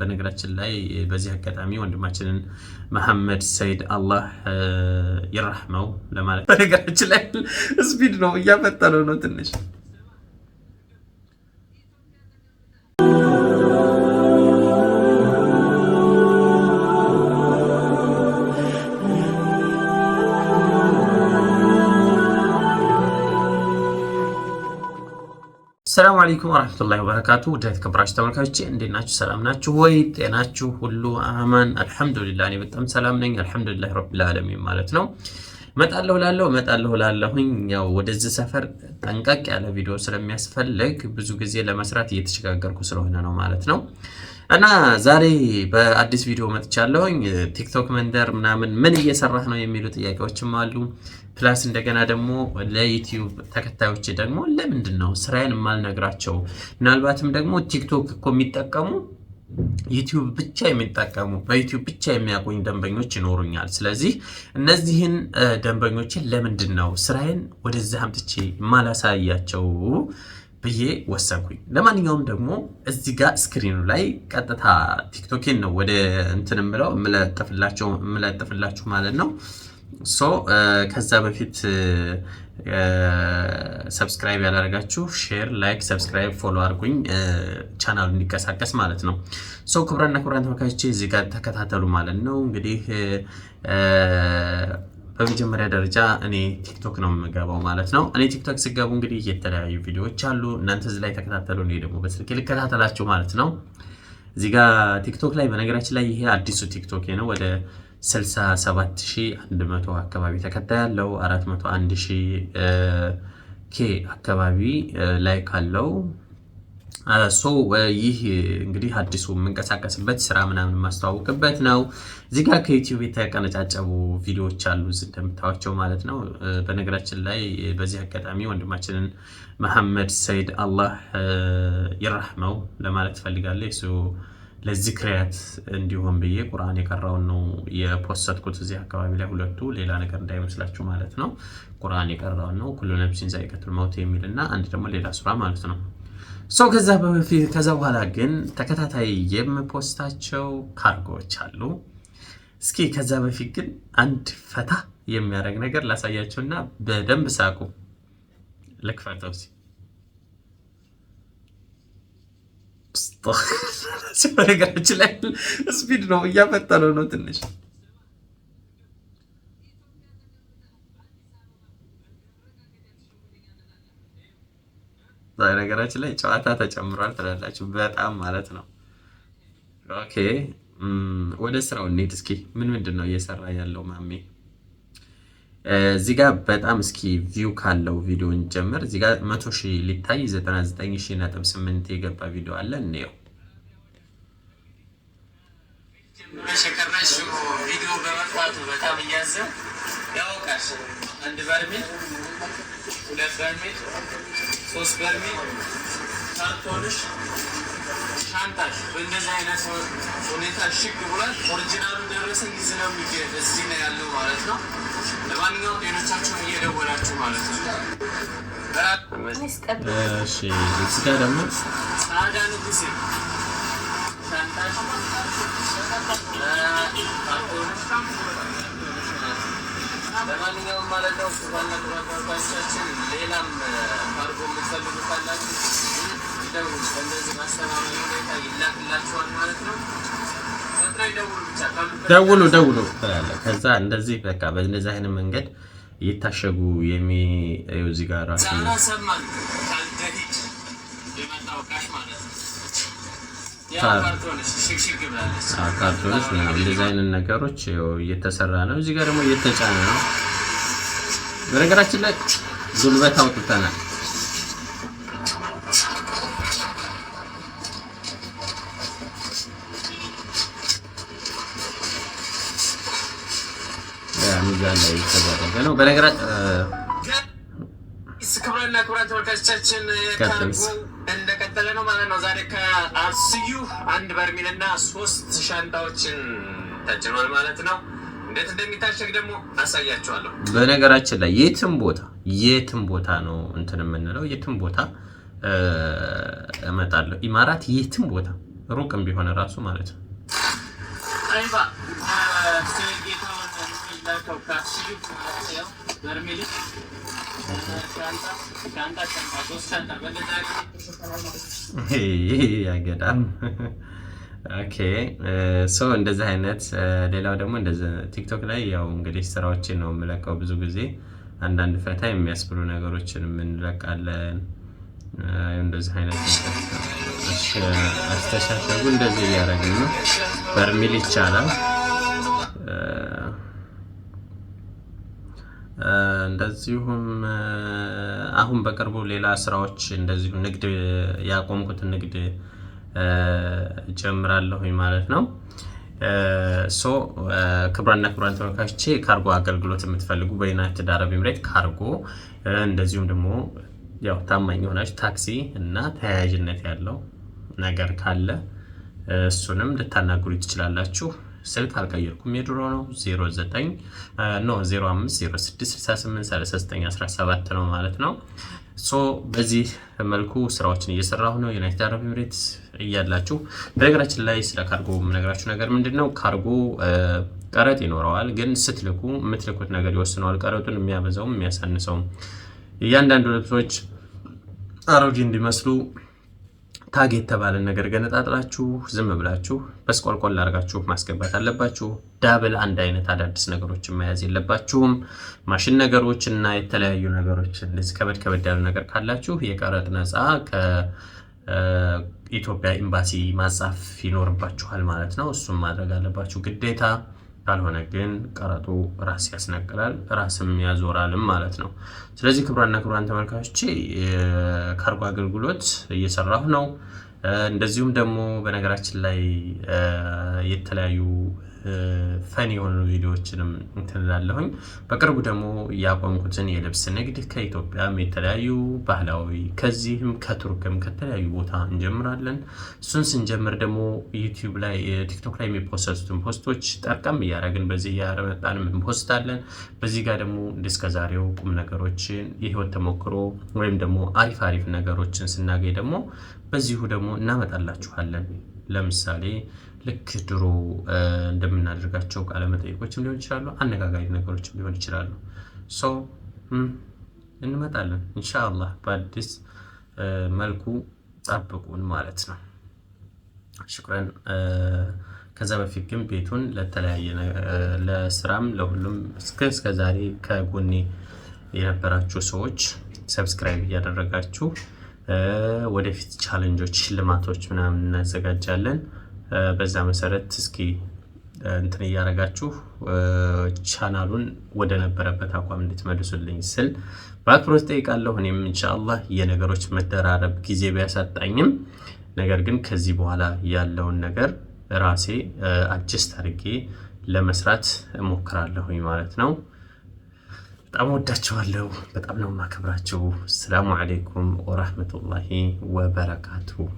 በነገራችን ላይ በዚህ አጋጣሚ ወንድማችንን መሐመድ ሰይድ አላህ ይራህመው ለማለት በነገራችን ላይ ስፒድ ነው እያፈጠነው ነው ትንሽ አለይኩም ወረሕመቱላሂ ወበረካቱ ውድ የተከበራችሁ ተመልካቾቼ እንዴት ናችሁ? ሰላም ናችሁ ወይ? ጤናችሁ ሁሉ አማን? አልሐምዱሊላህ እኔ በጣም ሰላም ነኝ። አልሐምዱሊላህ ረቢል ዓለሚን ማለት ነው። መጣለሁ ላለሁ መጣለሁ ላለሁኝ ያው ወደዚህ ሰፈር ጠንቀቅ ያለ ቪዲዮ ስለሚያስፈልግ ብዙ ጊዜ ለመስራት እየተሸጋገርኩ ስለሆነ ነው ማለት ነው። እና ዛሬ በአዲስ ቪዲዮ መጥቻለሁኝ። ቲክቶክ መንደር ምናምን ምን እየሰራህ ነው የሚሉ ጥያቄዎችም አሉ። ፕላስ እንደገና ደግሞ ለዩቲዩብ ተከታዮች ደግሞ ለምንድን ነው ስራዬን የማልነግራቸው? ምናልባትም ደግሞ ቲክቶክ እኮ የሚጠቀሙ ዩቲዩብ ብቻ የሚጠቀሙ በዩቲዩብ ብቻ የሚያቆኝ ደንበኞች ይኖሩኛል። ስለዚህ እነዚህን ደንበኞችን ለምንድን ነው ስራዬን ወደዚህ አምጥቼ ማላሳያቸው ብዬ ወሰንኩኝ። ለማንኛውም ደግሞ እዚህ ጋር ስክሪኑ ላይ ቀጥታ ቲክቶኬን ነው ወደ እንትን ምለው የምለጥፍላችሁ ማለት ነው ሶ ከዛ በፊት ሰብስክራይብ ያላደረጋችሁ ሼር፣ ላይክ፣ ሰብስክራይብ፣ ፎሎ አርጉኝ ቻናሉ እንዲቀሳቀስ ማለት ነው። ሶ ክቡራንና ክቡራን ተመልካቾቼ እዚህ ጋር ተከታተሉ ማለት ነው። እንግዲህ በመጀመሪያ ደረጃ እኔ ቲክቶክ ነው የምገባው ማለት ነው። እኔ ቲክቶክ ስገቡ እንግዲህ የተለያዩ ቪዲዮዎች አሉ። እናንተ እዚህ ላይ ተከታተሉ፣ እኔ ደግሞ በስልክ ልከታተላችሁ ማለት ነው። እዚህ ጋር ቲክቶክ ላይ በነገራችን ላይ ይሄ አዲሱ ቲክቶክ ነው ወደ 67100 አካባቢ ተከታይ ያለው 401000 ኬ አካባቢ ላይክ አለው። ሶ ይህ እንግዲህ አዲሱ የምንቀሳቀስበት ስራ ምናምን የማስተዋወቅበት ነው። እዚህ ጋር ከዩቲዩብ የተቀነጫጨቡ ቪዲዮዎች አሉ እንደምታዋቸው ማለት ነው። በነገራችን ላይ በዚህ አጋጣሚ ወንድማችንን መሐመድ ሰይድ አላህ ይራህመው ለማለት ፈልጋለሁ። ለዚህ ክሪያት እንዲሆን ብዬ ቁርአን የቀራውን ነው የፖሰትኩት እዚህ አካባቢ ላይ ሁለቱ ሌላ ነገር እንዳይመስላችሁ ማለት ነው። ቁርአን የቀራውን ነው ኩሉ ነብሲን ዛኢቀቱል መውት የሚል እና አንድ ደግሞ ሌላ ሱራ ማለት ነው። ሰው ከዛ በፊት ከዛ በኋላ ግን ተከታታይ የምፖስታቸው ካርጎዎች አሉ። እስኪ ከዛ በፊት ግን አንድ ፈታ የሚያደርግ ነገር ላሳያቸውና በደንብ ሳቁ። ልክፈተው ሲ በነገራችን ላይ ስፒድ ነው እያፈጠነው ነው ትንሽ ነገራችን ላይ ጨዋታ ተጨምሯል ትላላችሁ። በጣም ማለት ነው። ኦኬ ወደ ስራው እንሂድ እስኪ። ምን ምንድን ነው እየሰራ ያለው ማሜ? እዚህ በጣም እስኪ ቪው ካለው ቪዲዮ እንጀምር። እዚህ ጋር መቶ ሺህ ሊታይ 99 ሺህ ነጥብ ስምንት የገባ ቪዲዮ አለ እንየው። ጀምረሽ የቀረሽው ቪዲዮ በመጥፋቱ በጣም እያዘን ያውቃል። አንድ በርሜል፣ ሁለት በርሜል፣ ሶስት በርሜል ካርቶንሽ፣ ሻንጣሽ በእንደዚህ አይነት ሁኔታ ሽግ ብሏል። ኦሪጂናሉ ደረሰን ጊዜ ነው እዚህ ነው ያለው ማለት ነው። ለማንኛውም ሌሎቻችሁን እየደወላችሁ ማለት ነው። እዚህ ጋር ደግሞ ለማንኛውም ማለት ነው ክቡራን ሌላም አድርጎ የምትፈልጉ ካላችሁ ይደውሉ። በእንደዚህ ማስተማመን ሁኔታ ይላክላችኋል ማለት ነው። ደውሉ ደውሉ። ከዛ እንደዚህ በቃ በእንደዚህ አይነት መንገድ እየታሸጉ የሚ እዚህ ጋር ራሱ ካርቶንስ እንደዚህ አይነት ነገሮች እየተሰራ ነው። እዚህ ጋር ደግሞ እየተጫነ ነው። በነገራችን ላይ ጉልበት አውጥተናል። ሚዛን ላይ የተደረገ ነው በነገራችን ተመልካቾቻችን ካርጎው እንደቀጠለ ነው ማለት ነው። ዛሬ አንድ በርሜልና ሶስት ሻንጣዎችን ተጭኗል ማለት ነው። እንዴት እንደሚታሸግ ደግሞ አሳያችኋለሁ። በነገራችን ላይ የትም ቦታ የትም ቦታ ነው እንትን የምንለው የትም ቦታ እመጣለሁ። ኢማራት የትም ቦታ ሩቅም ቢሆን እራሱ ማለት ነው። ያገዳም ኦኬ ሶ እንደዚህ አይነት ሌላው ደግሞ ቲክቶክ ላይ ያው እንግዲህ ስራዎችን ነው የምለቀው ብዙ ጊዜ አንዳንድ ፈታ የሚያስብሉ ነገሮችን የምንለቃለን። እንደዚህ አይነት አስተሻሸጉ እንደዚህ እያደረግን ነው። በርሚል ይቻላል። እንደዚሁም አሁን በቅርቡ ሌላ ስራዎች እንደዚሁ ንግድ ያቆምኩትን ንግድ ጀምራለሁኝ ማለት ነው። ሶ ክቡራንና ክቡራን ተመልካቾቼ ካርጎ አገልግሎት የምትፈልጉ በዩናይትድ አረብ ኤምሬት ካርጎ እንደዚሁም ደግሞ ያው ታማኝ የሆናችሁ ታክሲ እና ተያያዥነት ያለው ነገር ካለ እሱንም ልታናግሩ ትችላላችሁ። ስልክ አልቀየርኩም የድሮ ነው 09 ኖ 05 06 ነው ማለት ነው። ሶ በዚህ መልኩ ስራዎችን እየሰራሁ ነው። ዩናይትድ አረብ ኤምሬትስ እያላችሁ በነገራችን ላይ ስለ ካርጎ የምነግራችሁ ነገር ምንድን ነው? ካርጎ ቀረጥ ይኖረዋል፣ ግን ስትልኩ የምትልኩት ነገር ይወስነዋል። ቀረጡን የሚያበዛውም የሚያሳንሰውም እያንዳንዱ ልብሶች አሮጌ እንዲመስሉ ታግ የተባለን ነገር ገነጣጥላችሁ ዝም ብላችሁ በስቆልቆል አድርጋችሁ ማስገባት አለባችሁ። ዳብል አንድ አይነት አዳዲስ ነገሮችን መያዝ የለባችሁም። ማሽን ነገሮች እና የተለያዩ ነገሮች እንደዚህ ከበድ ከበድ ያሉ ነገር ካላችሁ የቀረጥ ነፃ ከኢትዮጵያ ኤምባሲ ማጻፍ ይኖርባችኋል ማለት ነው። እሱም ማድረግ አለባችሁ ግዴታ። ካልሆነ ግን ቀረጡ ራስ ያስነቅላል ራስም ያዞራልም ማለት ነው። ስለዚህ ክቡራንና ክቡራን ተመልካቾቼ የካርጎ አገልግሎት እየሰራሁ ነው። እንደዚሁም ደግሞ በነገራችን ላይ የተለያዩ ፈን የሆኑ ቪዲዮዎችንም እንትንላለሁኝ። በቅርቡ ደግሞ ያቆምኩትን የልብስ ንግድ ከኢትዮጵያም የተለያዩ ባህላዊ ከዚህም ከቱርክም ከተለያዩ ቦታ እንጀምራለን። እሱን ስንጀምር ደግሞ ዩቲዩብ ላይ ቲክቶክ ላይ የሚፖሰቱትን ፖስቶች ጠርቀም እያደረግን በዚህ እያመጣን እንፖስታለን። በዚህ ጋር ደግሞ እንደስከዛሬው ቁም ነገሮችን የህይወት ተሞክሮ ወይም ደግሞ አሪፍ አሪፍ ነገሮችን ስናገኝ ደግሞ በዚሁ ደግሞ እናመጣላችኋለን ለምሳሌ ልክ ድሮ እንደምናደርጋቸው ቃለ መጠይቆችም ሊሆን ይችላሉ፣ አነጋጋሪ ነገሮችም ሊሆን ይችላሉ። እንመጣለን ኢንሻአላህ በአዲስ መልኩ ጠብቁን ማለት ነው። ሽኩረን። ከዛ በፊት ግን ቤቱን ለተለያየ ለስራም ለሁሉም እስከ ዛሬ ከጎኔ የነበራችሁ ሰዎች ሰብስክራይብ እያደረጋችሁ ወደፊት ቻለንጆች፣ ሽልማቶች ምናምን እናዘጋጃለን። በዛ መሰረት እስኪ እንትን እያደረጋችሁ ቻናሉን ወደ ነበረበት አቋም እንድትመልሱልኝ ስል በአክብሮት ጠይቃለሁ። እኔም ኢንሻአላህ የነገሮች መደራረብ ጊዜ ቢያሳጣኝም ነገር ግን ከዚህ በኋላ ያለውን ነገር ራሴ አጅስት አድርጌ ለመስራት እሞክራለሁኝ ማለት ነው። በጣም ወዳችኋለሁ። በጣም ነው የማከብራችሁ። አሰላሙ አሌይኩም ወራህመቱላሂ ወበረካቱ።